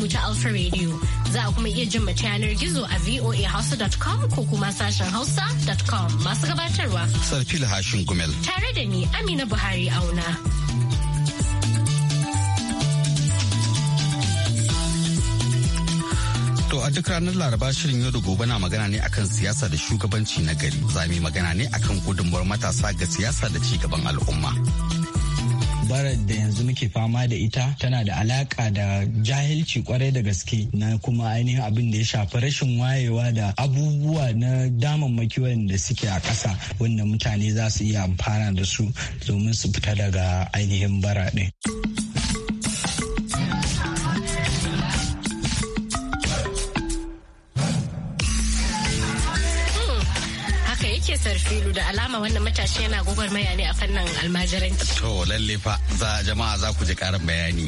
mu ta Alpha Radio. Za a kuma iya jin mu ta yanar gizo a voahausa.com ko kuma sashen hausa.com masu gabatarwa. Sarfil Hashin Gumel. Tare da ni Amina Buhari Auna. To a duk ranar Laraba shirin yau da gobe na magana ne akan siyasa da shugabanci na gari. Za mu magana ne akan gudunmuwar matasa ga siyasa da cigaban al'umma. gobarar da yanzu muke fama da ita tana da alaka da jahilci kwarai da gaske na kuma ainihin abin da ya shafi rashin wayewa da abubuwa na damammaki wanda suke a ƙasa wanda mutane za su iya amfana da su domin su fita daga ainihin bara ɗin. filu da alama wannan matashi yana maya ne a fannin almajiranci. To lalle fa za jama'a za ku ji karin bayani.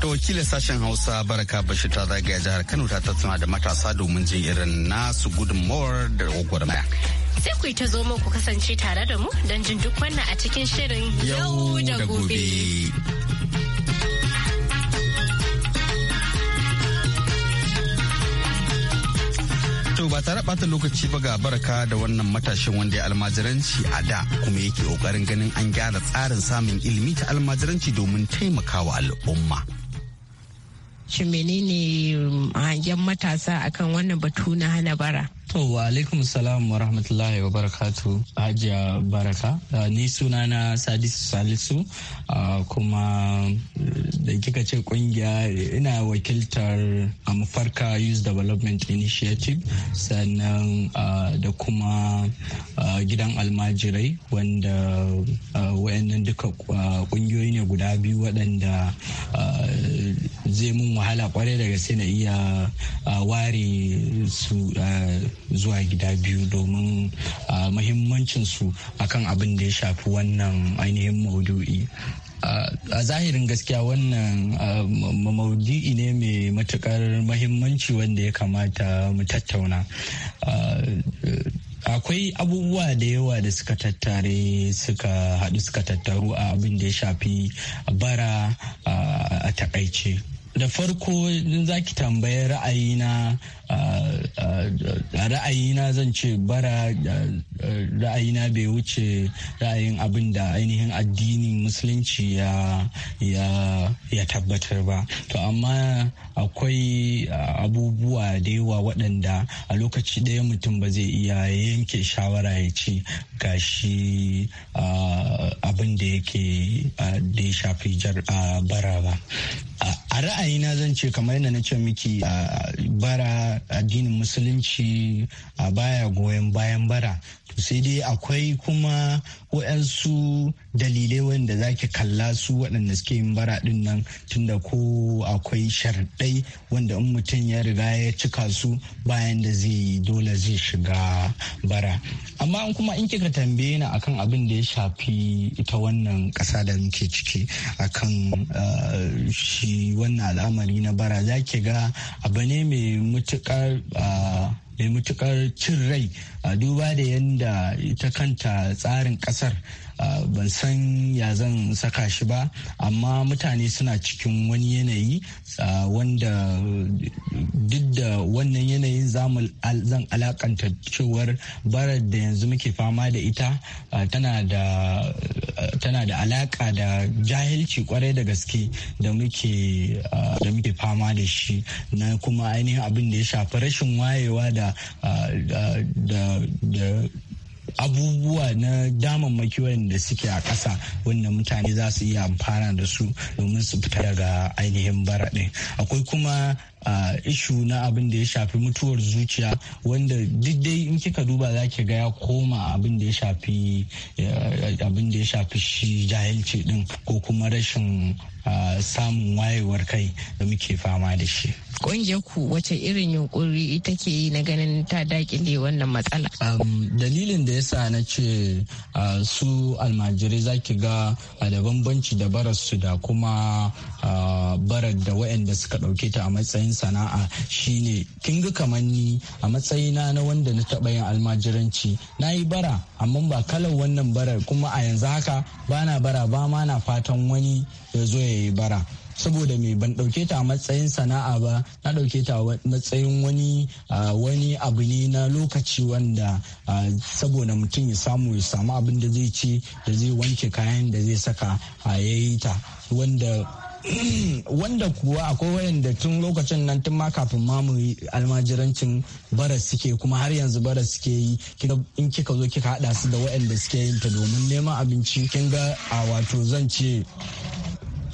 To wakilin sashen Hausa Baraka Bashir ta zagaya jihar Kano ta tattauna da matasa domin jin irin nasu gudunmawar da gwagwarmaya. Sai ku yi ta zo ku kasance tare da mu don jin duk wannan a cikin shirin yau da gobe. To ba tare bata lokaci ba ga baraka da wannan matashin wanda ya almajiranci a da kuma yake kokarin ganin an gyara tsarin samun ilimi ta almajiranci domin taimakawa al'umma. Shin menene hangen matasa akan wannan batu na hana bara? To wa alaikum salam wa rahmatullahi wa barakatu Hajiya Baraka. Ah, ni suna na Sadisu Salisu ah, kuma da kika ce kungiya ina wakiltar Amfarka ah, Youth Development Initiative sannan da kuma gidan almajirai wanda wayannan duka kungiyoyi ne guda biyu waɗanda zai mun wahala kwarai daga sai na iya ware su zuwa gida biyu domin mahimmancin su akan abin da ya shafi wannan ainihin maudu'i Uh, a zahirin gaskiya wannan uh, maudu'i ne mai matukar mahimmanci wanda ya kamata mu tattauna uh, akwai abubuwa da yawa da suka tattare suka haɗu suka tattaru a abin da ya shafi bara a takaice da farko za ki tambayi ra'ayina ra'ayina zan ce bara ra'ayina bai wuce ra'ayin abin da ainihin addinin musulunci ya tabbatar ba to amma akwai abubuwa da yawa waɗanda a lokaci ɗaya mutum ba zai iya yanke shawara ya ce ga shi abin da yake da ya shafi bara ba a ra'ayina zan ce kamar yadda na ce miki a bara addinin musulunci a baya goyon bayan bara to sai dai akwai kuma waɗansu dalilai wanda zaki kalla su waɗanda suke yin bara ɗin nan tunda ko akwai sharaɗai wanda in mutum ya riga ya cika su bayan da zai yi dole zai shiga bara amma in kuma in kika tambaye ni akan abin da ya shafi ita wannan ƙasa da muke ciki akan shi wannan al'amari na bara za ki ga abu ne mai mutukar cin rai a duba da yadda ta kanta tsarin kasar ban san ya zan saka shi ba amma mutane suna cikin wani yanayi wanda duk da wannan yanayin zan alakanta cewar barar da yanzu muke fama da ita tana da tana da alaka da jahilci kwarai da gaske da muke da muke fama da shi na kuma ainihin abin da ya shafi rashin wayewa da abubuwa na damammaki wanda suke a ƙasa wanda mutane za su iya amfana da su domin su fita daga ainihin bara akwai kuma ishu na abin da ya shafi mutuwar zuciya wanda duk dai in kika duba za ki ga ya koma abin da ya shafi eh, abin da ya shafi shi jahilci din ko kuma rashin samun wayewar kai da muke fama da shi. Ƙungiyar ku wace irin yunkuri ita ke yi na ganin ta dakile wannan matsala? dalilin da yasa na ce su almajirai za ki ga da bambanci da su da kuma barar da waɗanda suka ɗauke ta a matsayin sana'a shine kin ga kamar ni a matsayina na wanda na taɓa yin almajiranci na yi bara amma ba kalar wannan barar kuma a yanzu haka ba na bara ba ma na fatan wani ya zo ya ya yi bara saboda me ban ɗauke ta a matsayin sana'a ba na ɗauke ta matsayin wani wani abu ne na lokaci wanda saboda mutum ya samu ya samu abin da zai ci da zai wanke kayan da zai saka a yayi ta wanda wanda kuwa akwai wayanda tun lokacin nan tun ma kafin ma almajirancin bara suke kuma har yanzu bara suke yi in kika zo kika hada su da wayanda suke yin ta domin neman abinci kin ga a wato zan ce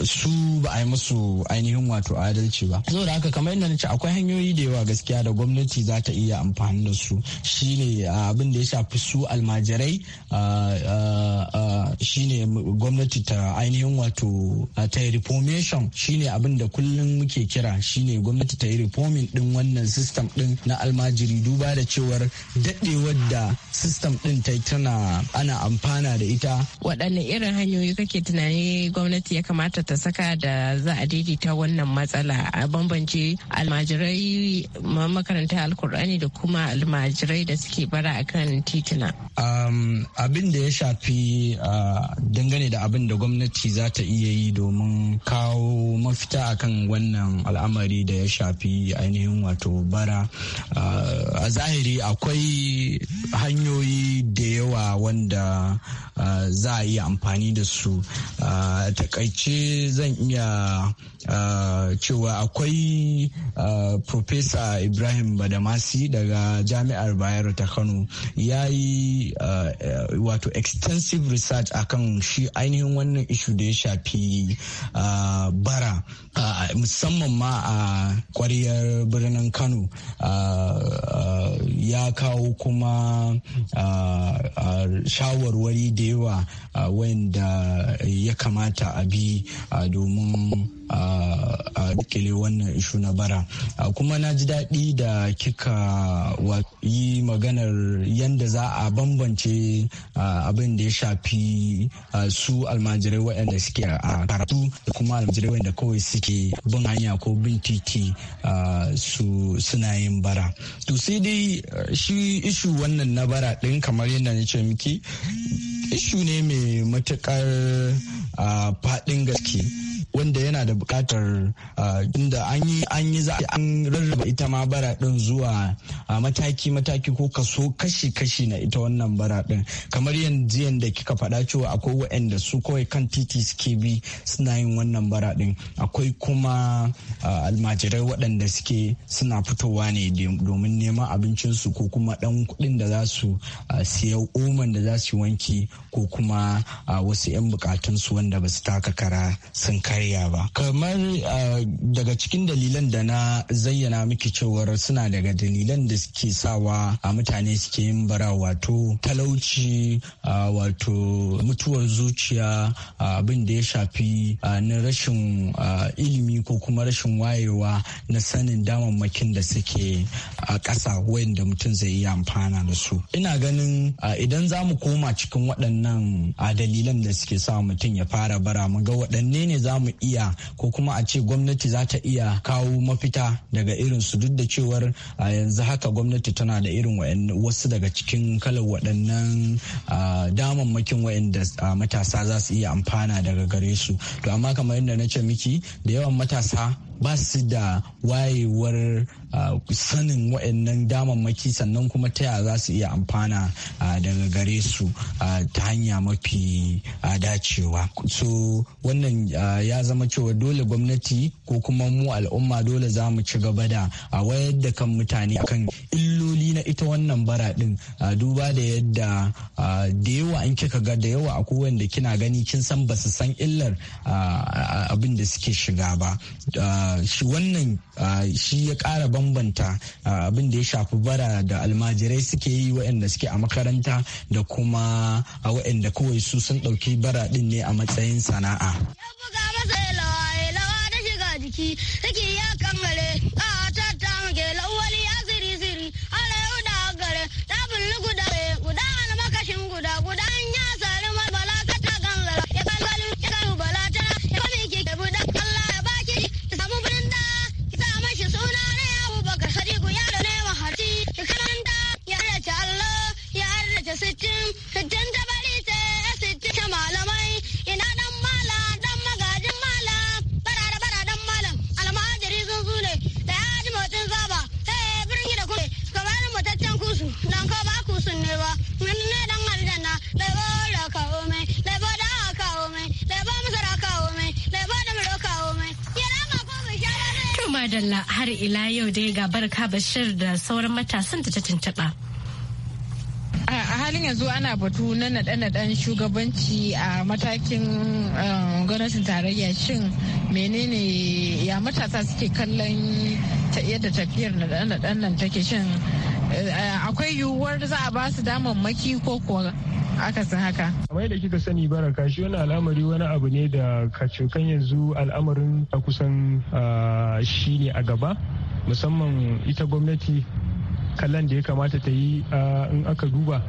su ba a yi musu ainihin wato adalci ba da haka kamar yadda na ce akwai hanyoyi da yawa gaskiya da gwamnati za ta iya amfani da su shine abin da ya shafi su almajirai shine gwamnati ta ainihin wato ta yi reformation shine abin da kullum muke kira shine gwamnati ta yi reforming din wannan system din na almajiri duba da cewar daɗewar da system din ta tana ana amfana da ita waɗanne irin hanyoyi kake tunani gwamnati ya kamata ta saka da za a daidaita wannan matsala a bambance almajirai makaranta alkur'ani da kuma almajirai da suke bara akan titina. abin da ya shafi dangane da abin da gwamnati za ta iya yi domin kawo mafita akan wannan al'amari da ya shafi ainihin wato bara a zahiri akwai hanyoyi da yawa wanda za a iya amfani da su takaice zan iya ah, cewa akwai ah, Profesa Ibrahim Badamasi daga Jami'ar Bayero ta Kano ya yi ah, wato extensive research akan shi ainihin wannan ishu da ya shafi bara musamman ma a kwariyar birnin Kano ya kawo kuma shawarwari da yawa wanda ya kamata a bi domin a dukile wannan ishu na bara kuma na ji daɗi da kika yi maganar yadda za a bambance abin da ya shafi su almajirai waɗanda suke a karatu da kuma almajirai waɗanda kawai suke bin hanya ko bin titi su suna yin bara to sai dai shi ishu wannan na bara ɗin kamar yadda na ce miki ishu ne mai matuƙar uh, ah, faɗin gaske wanda yana da bukatar inda ah, an yi an yi an rarraba ita ma bara din zuwa ah, mataki mataki ko kaso kashi kashi na ita wannan bara din kamar yanzu yanda kika faɗa cewa akwai waɗanda su kawai kan titi suke bi suna yin wannan bara din akwai kuma ah, almajirai waɗanda suke suna fitowa ne domin neman abincinsu ko kuma ɗan kuɗin da za su siya oman da za su wanki ko kuma wasu 'yan su wanda ba su taka kara sun kare tarayya ba kamar daga cikin dalilan da na zayyana miki cewar suna daga dalilan da suke sawa a mutane suke yin bara wato talauci wato mutuwar zuciya abin da ya shafi na rashin ilimi ko kuma rashin wayewa na sanin damammakin da suke a ƙasa wayanda mutum zai iya amfana da su ina ganin idan za mu koma cikin waɗannan dalilan da suke sa mutum ya fara bara mu ga waɗanne ne za mu iya ko kuma a ce gwamnati za ta iya kawo mafita daga irin su duk da cewar a yanzu haka gwamnati tana da irin wasu daga cikin kalar waɗannan damammakin waɗanda matasa za su iya amfana daga gare su to amma kamar yadda na ce miki da yawan matasa ba su da wayewar ah, sanin wa'annan damammaki sannan kuma ta yaya za su iya amfana ah, daga gare su ah, ta hanya mafi dacewa so wannan ya zama cewa dole gwamnati ko kuma mu al'umma dole za mu ci gaba da wayar da kan mutane kan illoli na ita wannan bara din duba da yadda da yawa in kika ga da yawa akwai wanda kina gani kin san ba su san illar abin da suke shiga ba Ah, shi wannan ah, shi ya ƙara bambanta ah, abin da ya shafi bara da almajirai suke yi waɗanda suke a makaranta da kuma a waɗanda kawai su sun ɗauki bara ɗin ne a matsayin sana'a. Ya buga masa lawa, da shiga jiki, take ya madalla har ila yau dai ga barka bashir da sauran matasan da ta tuntuɓa. a halin yanzu ana batu na naɗe-naɗen shugabanci a matakin um, gwamnatin tarayya shin menene ya matasa suke kallon yadda tafiyar naɗe-naɗen nan take shin eh, akwai yiwuwar za a ba su damammaki ko kuwa akasin haka kamar yadda kika sani baraka shi wani al'amari wani abu ne da kacokan yanzu al'amarin a kusan shi ne a gaba musamman ita gwamnati kallon da ya kamata ta yi in aka duba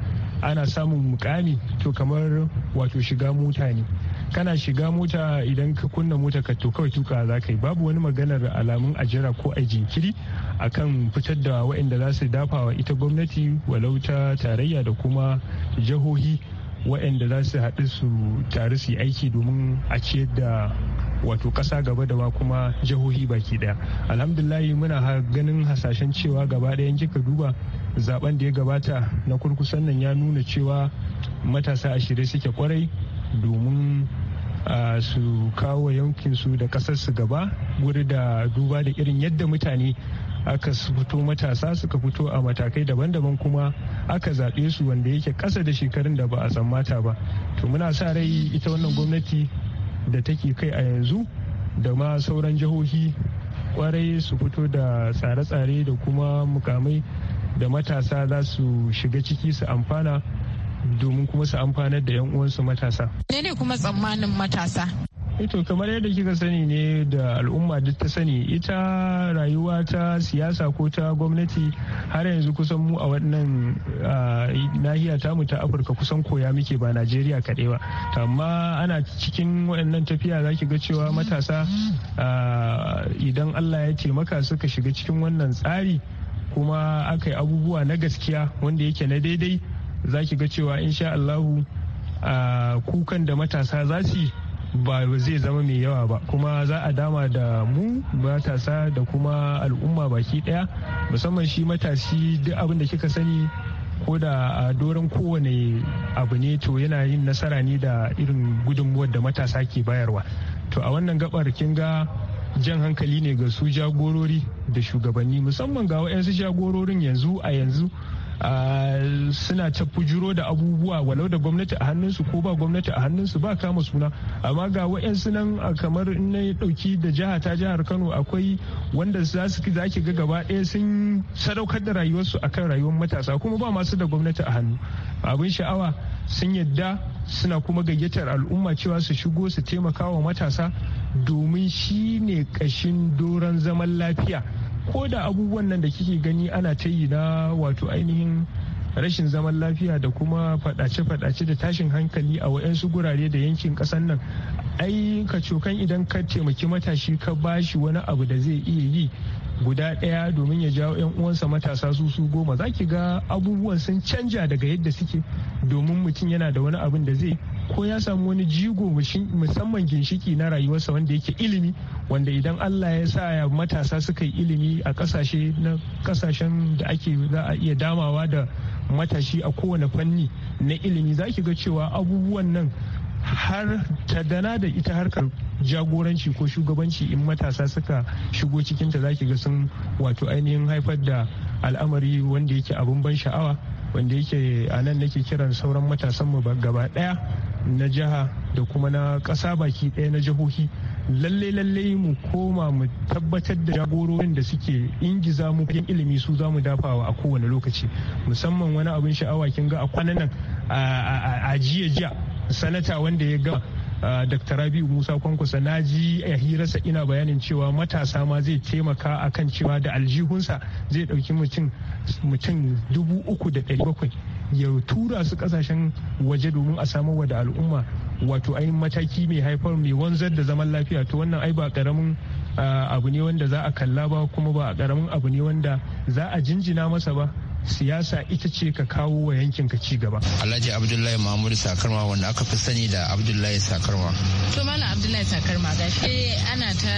ana samun mukami to kamar wato shiga mutane ne kana shiga mota idan ka kunna mota ka to kawai tuka za ka yi babu wani maganar alamun ajira ko a jinkiri a kan fitar da waɗanda za su dafa wa ita gwamnati walauta tarayya da kuma jihohi waɗanda za su haɗu su tare su aiki domin a ciyar da wato ƙasa gaba da ma kuma jihohi baki ɗaya alhamdulahi muna ganin hasashen cewa gaba ɗayan kika duba zaben da ya gabata na kurkusan nan ya nuna cewa matasa a shirye suke kwarai domin su kawo yankinsu da ƙasarsu gaba wuri da duba da irin yadda mutane aka fito matasa suka fito a matakai daban-daban kuma aka zaɓe su wanda yake ƙasa da shekarun da ba a tsammata ba to muna sa rai ita wannan gwamnati da take kai a yanzu da ma sauran jihohi kwarai su fito da tsare-tsare da kuma mukamai da matasa za su shiga ciki su amfana domin kuma su amfanar da 'yan uwansu matasa. Ne ne kuma tsammanin matasa? ito eh kamar yadda kika sani ne da al'umma duk ta sani ita rayuwa ta siyasa ko ta gwamnati har yanzu kusan mu a wannan nahiya tamu ta afirka kusan koya muke ba najeriya kaɗai ba amma ana cikin waɗannan tafiya za ki ga cewa matasa idan allah ya taimaka suka shiga cikin wannan tsari kuma aka yi abubuwa na gaskiya wanda yake na daidai za ki ga cewa in insha Allahu kukan da matasa za su ba zai zama mai yawa ba kuma za a dama da mu matasa da kuma al'umma baki daya musamman shi matashi duk abin da kika sani ko da a doron kowane abu ne to yana yin nasara ne da irin gudunmuwar da matasa ke bayarwa to a wannan gabar kin ga jan hankali ne ga su jagorori da shugabanni musamman ga wayansu jagororin yanzu a yanzu suna ta fujiro da abubuwa walau da gwamnati a hannunsu ko ba gwamnati a hannunsu ba kama suna amma ga wa'yansu nan kamar in na dauki da jiha ta jihar kano akwai wanda za su ki zaki ga gaba ɗaya sun sadaukar da rayuwarsu akan rayuwar matasa kuma ba masu da gwamnati a hannu abin sha'awa sun yadda suna kuma gayyatar al'umma cewa su shigo su taimaka wa matasa domin shi ne ƙashin doron zaman lafiya ko da abubuwan nan da kike gani ana ta yi na wato ainihin rashin zaman lafiya da kuma fadace-fadace da tashin hankali a waɗansu gurare da yankin kasan nan ai ka cokan idan ka taimaki matashi ka bashi wani abu da zai iya yi guda ɗaya domin ya jawo 'yan uwansa matasa su su goma za ki ga abubuwan sun canja daga yadda suke domin mutum yana da wani abin da zai ko ya samu wani jigo musamman ginshiki na rayuwarsa wanda yake ilimi wanda idan Allah ya sa ya matasa suka yi ilimi a kasashe na kasashen da ake za a iya damawa da matashi a kowane fanni na ilimi za ki ga cewa abubuwan nan har ta dana da ita harkar jagoranci ko shugabanci in matasa suka shigo cikinta za ki ga sun wato ainihin haifar da al'amari wanda yake abin ban sha'awa wanda yake a nan nake kiran sauran matasan mu gaba daya na jiha da kuma na ƙasa baki ɗaya na jihohi lalle lalle mu koma mu tabbatar da jagororin da suke ingiza mu fagen ilimi su za mu dafawa a kowane lokaci musamman wani abin sha'awa kin ga a kwanan nan a jiya jiya sanata wanda ya gama Dr. Rabiu Musa Kwankwasa na ji a hirarsa ina bayanin cewa matasa ma zai taimaka akan cewa da aljihunsa zai ɗauki mutum dubu uku da dari bakwai ya tura su kasashen waje domin a wa da al'umma wato ainihin mataki mai haifar mai wanzar da zaman lafiya to wannan ai ba karamin abu ne wanda za a kalla ba kuma ba karamin abu ne wanda za a jinjina masa ba siyasa ita ce ka kawo wa yankin ka ci gaba. Alhaji Abdullahi Mahmud Sakarma wanda aka fi sani da Abdullahi Sakarma. To mana Abdullahi Sakarma gashi ana ta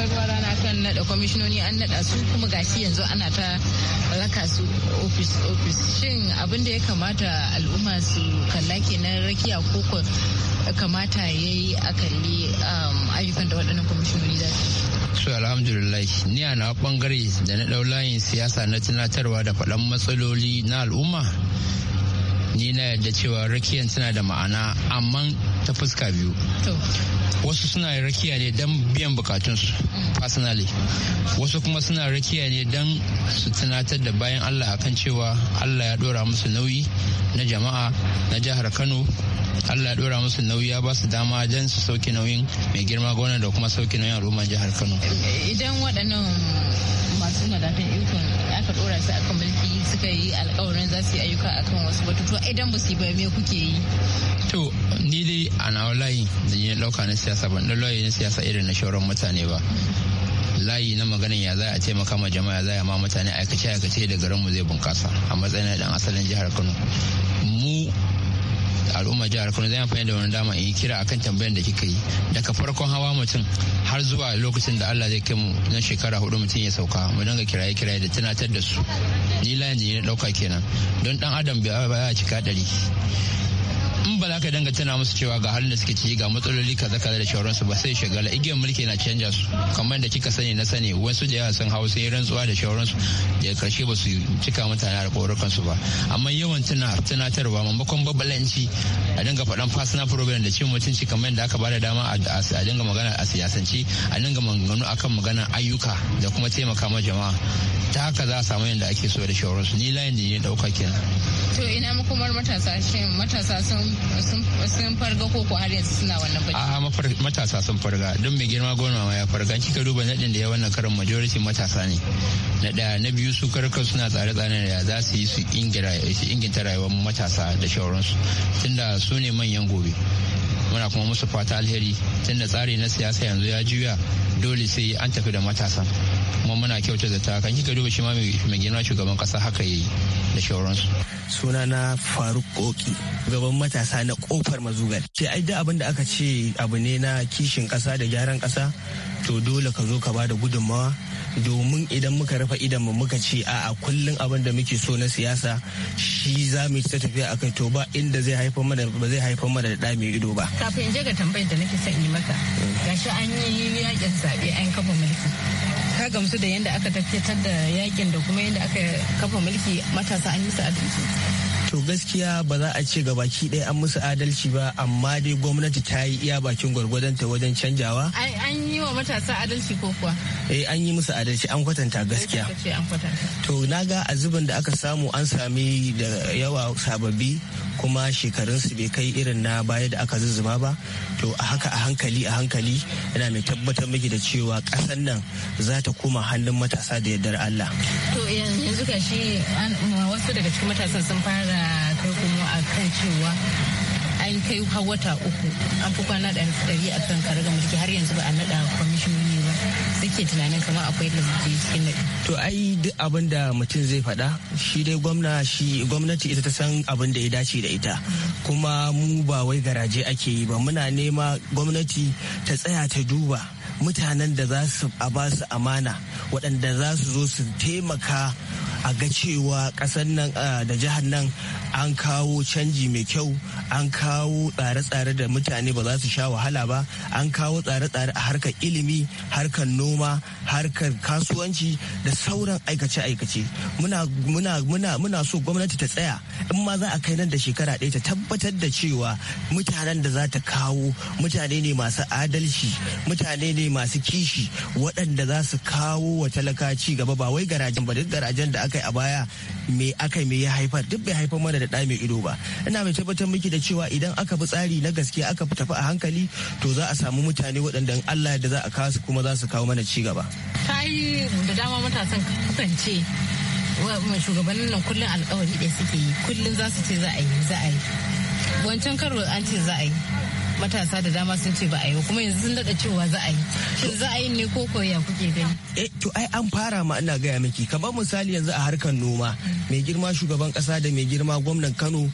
kai ruwa rana kan nada kwamishinoni an naɗa su kuma gashi yanzu ana ta raka su ofis ofis shin abin da ya kamata al'umma su kalla kenan rakiya ko kamata ya yi a kalli um, ayyukan da waɗannan kwamishinoni za su su alhamdulillah ni a na bangare da na ɗau layin siyasa na tunatarwa da faɗan matsaloli na al'umma ni na yadda cewa rakiyan tana da ma'ana amma ta fuska biyu wasu suna rakiya ne don biyan bukatunsu personally wasu kuma suna rakiya ne don su tunatar da bayan allah akan cewa allah ya dora musu nauyi na jama'a na jihar kano allah ya dora musu nauyi ya ba su dama don su sauke nauyin mai girma gona da kuma sauke nauyin al'ummar jihar kano idan waɗannan masu madafin ikon suka su akan mulki suka yi alƙawarin za su yi ayyuka a kan wasu batutu idan ba su yi ba me kuke yi to ni dai a nawa layi da yi ɗauka na siyasa ban dan layi na siyasa irin na shauran mutane ba layi na maganin ya za a taimaka ma jama'a ya za a ma mutane aikace aikace da garinmu zai bunkasa a matsayin ɗan asalin jihar Kano al'umma jihar Kano zai amfani da wani dama in yi kira akan tambayar da kika yi daga farkon hawa mutum har zuwa lokacin da Allah zai kai mu na shekara hudu mutum ya sauka mu dinga kiraye kiraye da tunatar da su ni layin da na dauka kenan don dan adam bai cika dari in ba za ka danga tana musu cewa ga halin da suke ciki ga matsaloli kaza kaza da shauransu ba sai shagala igiyar mulki na canja su kamar da kika sani na sani wasu da yawa sun hau sai yi rantsuwa da shauransu da karshe ba su cika mutane da su ba amma yawan tuna tunatarwa maimakon babalanci a dinga faɗan personal problem da cin mutunci kamar da aka bada dama a dinga magana a siyasanci a dinga maganganu akan magana ayyuka da kuma taimaka ma jama'a ta haka za a samu yadda ake so da shauransu ni layin da ne dauka kenan to ina makomar matasa shin matasa sun sun farga ko ko har yanzu suna wannan bacci a'a matasa sun farga don mai girma goma ma ya farga kika duba nadin da ya wannan karin majority matasa ne na ɗaya na biyu su karkar suna tsare tsare da za su yi su inginta rayuwar matasa da shauransu tunda su ne manyan gobe muna kuma musu fata alheri tunda tsari na siyasa yanzu ya juya dole sai an tafi da matasa kuma muna kyauta da ta kan kika duba shi ma mai girma shugaban kasa haka yayi da shauransu sunana faruk koki gaban matasa matasa na kofar mazugar sai ai da abin da aka ce abu ne na kishin kasa da gyaran kasa to dole ka zo ka ba da gudunmawa domin idan muka rufe idan mu muka ce a kullum abin da muke so na siyasa shi za mu ta tafiya a kai to ba inda zai haifar mana ba zai haifar mana da mai ido ba kafin in je ga tambayar da nake son yi maka gashi an yi yakin zabe an kafa mulki ka gamsu da yanda aka tafiyatar da yakin da kuma yanda aka kafa mulki matasa an yi su to gaskiya ba za a ce gabaki ɗaya an musu adalci ba amma dai gwamnati ta yi iya bakin gwargwadonta wajen canjawa an yi wa matasa adalci ko kuwa eh an yi musu adalci an kwatanta gaskiya to na ga a zubin da aka samu an sami da yawa sababbi kuma shekarunsu bai kai irin na baya da aka zuzuma ba to a haka a hankali a hankali yana mai tabbatar miki da cewa kasan nan za ta koma hannun matasa da yardar Allah to yanzu shi wasu daga cikin matasan sun fara kai kuma a kan cewa an kai har wata uku an fi kwana ɗari a kan karagar mulki har yanzu ba a naɗa kwamishinoni ba suke tunanin kamar akwai da cikin na to ai duk abin da mutum zai faɗa shi dai gwamna shi gwamnati ita ta san abin da ya dace da ita kuma mu ba wai garaje ake yi ba muna nema gwamnati ta tsaya ta duba mutanen da za su a ba su amana waɗanda za su zo su taimaka a ga cewa kasar nan da jihar nan an kawo canji mai kyau an kawo tsare-tsare da mutane ba za su sha wahala ba an kawo tsare-tsare a harkar ilimi harkar noma harkar kasuwanci da sauran aikace-aikace muna so gwamnati ta tsaya in ma za a kai nan da shekara ɗaya ta tabbatar da cewa mutanen da za ta kawo mutane ne masu adalci mutane ne masu kishi waɗanda za su kawo wa talaka ci gaba ba wai garajen ba duk garajen da aka yi a baya me aka me ya haifar duk bai haifar mana da ɗa mai ido ba ina mai tabbatar miki da cewa idan aka bi tsari na gaske aka tafi a hankali to za a samu mutane waɗanda Allah da za a kawo su kuma za su kawo mana ci gaba ta yi da dama matasan kasance shugabannin nan kullum alkawari da suke yi kullum za su ce za a yi za a yi wancan karo an ce za a yi matasa da dama sun ce ba a yi kuma yanzu sun daɗa cewa za a yi shin za a yi ne ko koya kuke gani eh to ai an fara ma ina gaya miki ka ba misali yanzu a harkar noma mai girma shugaban kasa da mai girma gwamnan Kano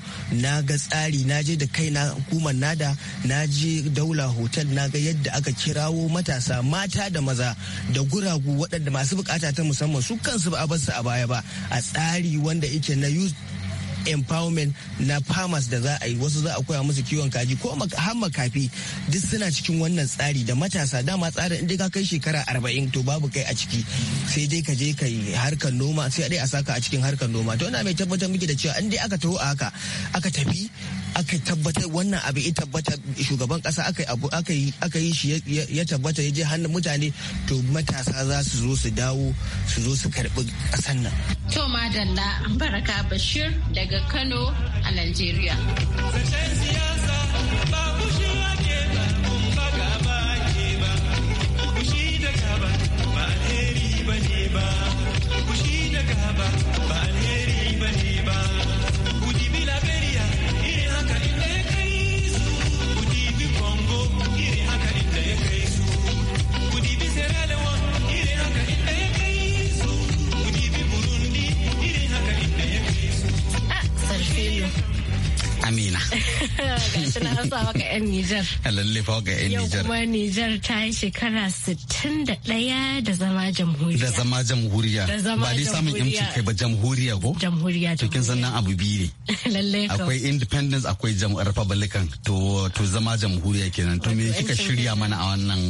na ga tsari na je da kai na hukumar nada na je daula hotel na ga yadda aka kirawo matasa mata da maza da guragu waɗanda masu bukata ta musamman su kansu ba a bar su a baya ba a tsari wanda yake na youth empowerment na farmers da za a yi wasu za a koya musu kiwon kaji ko har makafi duk suna cikin wannan tsari da matasa dama tsarin inda ka kai shekara arba'in to babu kai a ciki sai dai ka je ka yi harkar noma sai dai a saka a cikin harkar noma to ina mai tabbatar miki da cewa in dai aka taho a haka aka tafi aka tabbatar wannan abu ya tabbata shugaban kasa aka abu aka yi shi ya tabbata ya je hannun mutane to matasa za su zo su dawo su zo su karbi kasan nan to madalla baraka bashir daga kano a nigeria Amina. Gashi na rasa Lalle fa ga 'yan Nijar. Yau kuma Nijar ta yi shekara 61 da zama jamhuriya. Da zama jamhuriya. Da zama jamhuriya. Ba dai samun yamci kai ba jamhuriya ko? Jamhuriya. To kin san abu biyu ne. Lalle ka. Akwai independence akwai republican to to zama jamhuriya kenan. To me kika shirya mana a wannan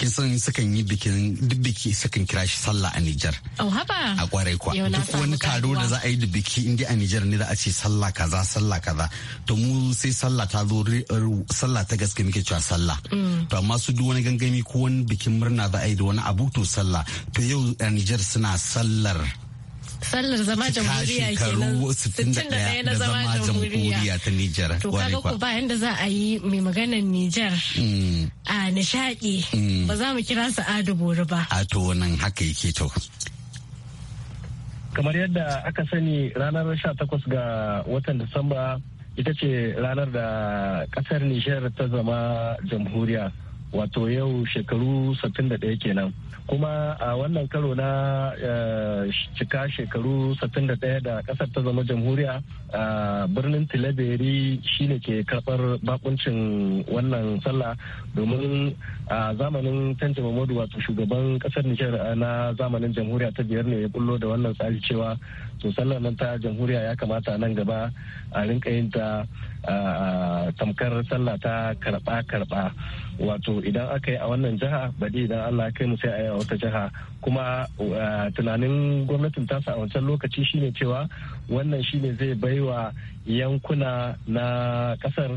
kin san sukan yi bikin duk biki sukan kira shi sallah a Nijar. Oh haba. A kwarai kwa. Duk wani taro da za a yi da biki inda a Nijar ne za a ce sallah kaza sallah kaza. To mu sai sallah ta zo er, sallah ta gaske muke cewa sallah. Mm. To amma su duk wani gangami ko wani bikin murna za a yi da wani abu to sallah. To yau a Nijar suna sallar sallar zama jamhuriya kenan 61 na zama jamhuriya ta Nijar. To kaga ku ba yanda za a yi mai maganar Nijar mm. a nishaɗi mm. ba za mu kira su Ado Bori ba. A to nan haka yake to. Kamar yadda aka sani ranar 18 ga watan Disamba ita ce ranar da kasar Nijar ta zama jamhuriya. wato yau shekaru 61 kenan kuma a wannan karo na eh, cika shekaru 61 da kasar ta zama jamhuriya a birnin tilaberi shine ke karbar bakuncin wannan sallah domin a zamanin tanja mamadu wato shugaban kasar nijar eh, na zamanin jamhuriya ta biyar ne ya bullo da wannan tsari cewa to sannan nan ta jamhuriya ya kamata nan gaba a rinka yin ta tamkar sallah ta karba karba wato idan aka yi a wannan jiha baɗi idan allah kai mu sai a yi a wata jiha kuma tunanin gwamnatin tasa a wancan lokaci shine cewa wannan shine zai baiwa yankuna na kasar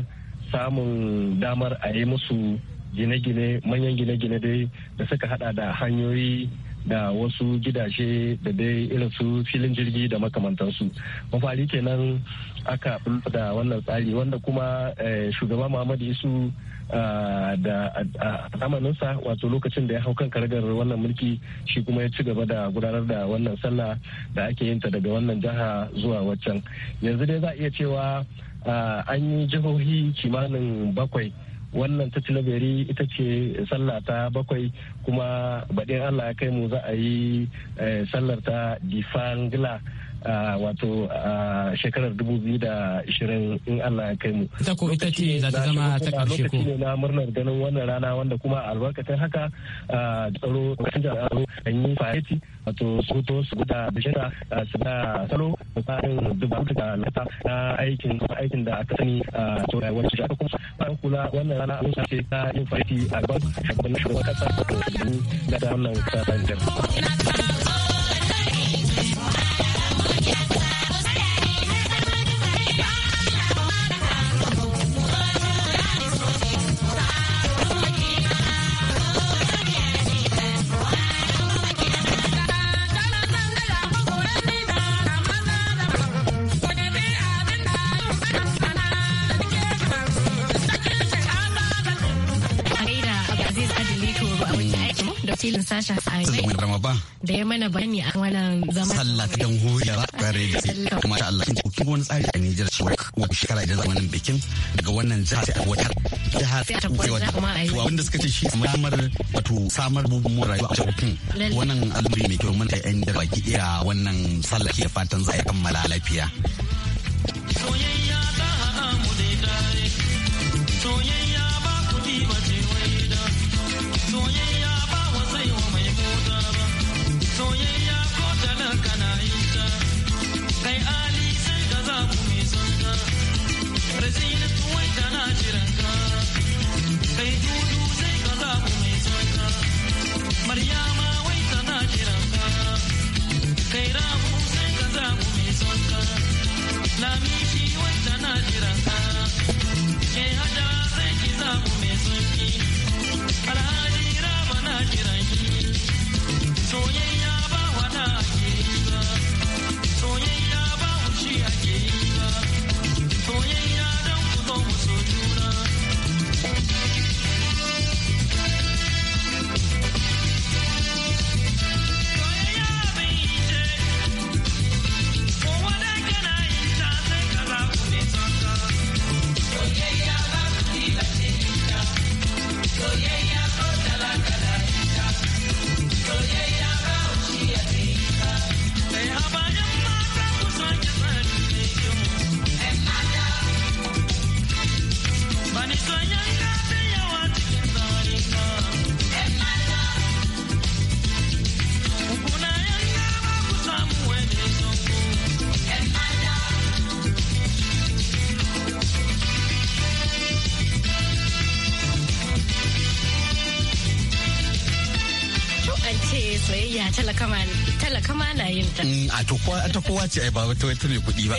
samun damar a yi musu gine-gine manyan gine-gine dai da suka hada da hanyoyi da wasu gidaje da dai irin su filin jirgi da makamantansu mafari kenan aka da wannan tsari wanda kuma eh, shugaba muhammadu isu ah, da ah, amaninsa wato lokacin da ya hau kan karagar wannan mulki shi kuma ya ci gaba da gudanar da wannan sallah da ake yinta daga wannan jiha zuwa waccan yanzu dai za a iya cewa ah, an yi jihohi kimanin bakwai wannan ta ita ce sallah ta bakwai kuma baɗin allah ya kai mu za a yi eh, sallar ta difangla wato shekarar 2020 in Allah ya kai mu. Ita ko ita ce za ta zama ta ƙarshe ko? Lokaci ne na murnar ganin wannan rana wanda kuma albarkatun haka tsaro kan tsaro an yi fayeti wato su to su guda bishira su da salo da tsarin dubaru da lata na aikin aikin da aka sani a tsoron wacce da kuma bayan kula wannan rana a sace ta yin fayeti a gaban shugaban kasa da wannan kasa kuma wani tsari a Nijar cewa wa shekara idan zama wannan bikin daga wannan jiha sai a wata jiha sai ta a yi. Wanda suka ce shi samar wato samar bugun rayuwa a cikin wannan al'amari mai kyau mun ta yan da baki iya wannan sallah ke fatan za a kammala lafiya. an ce soyayya talakama na yin ta. Mm, a ta kowa ce ba wata wata mai kuɗi ba.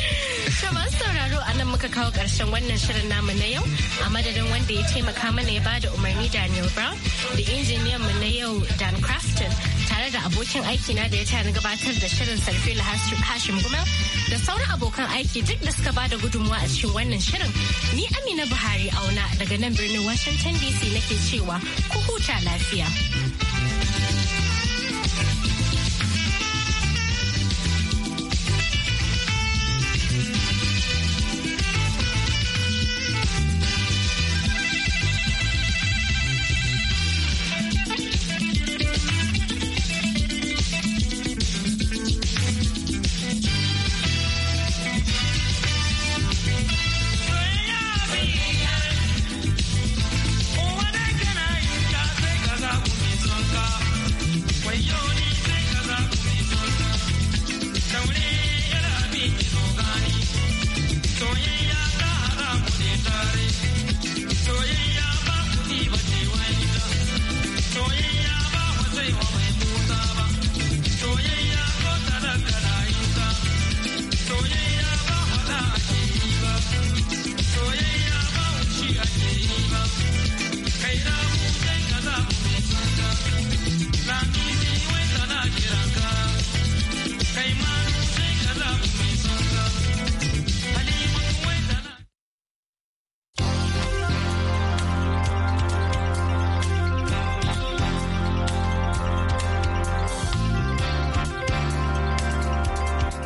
To masu sauraro a nan muka kawo ƙarshen wannan shirin namu na yau a madadin wanda ya taimaka mana ya bada umarni Daniel Brown da injiniyan mu na yau Dan Crafton tare da abokin aiki na da ya tayar gabatar da shirin Sarfila Hashim Gumel da sauran abokan aiki duk da suka bada gudunmawa a cikin wannan shirin ni Amina Buhari auna daga nan birnin Washington DC nake cewa ku huta lafiya.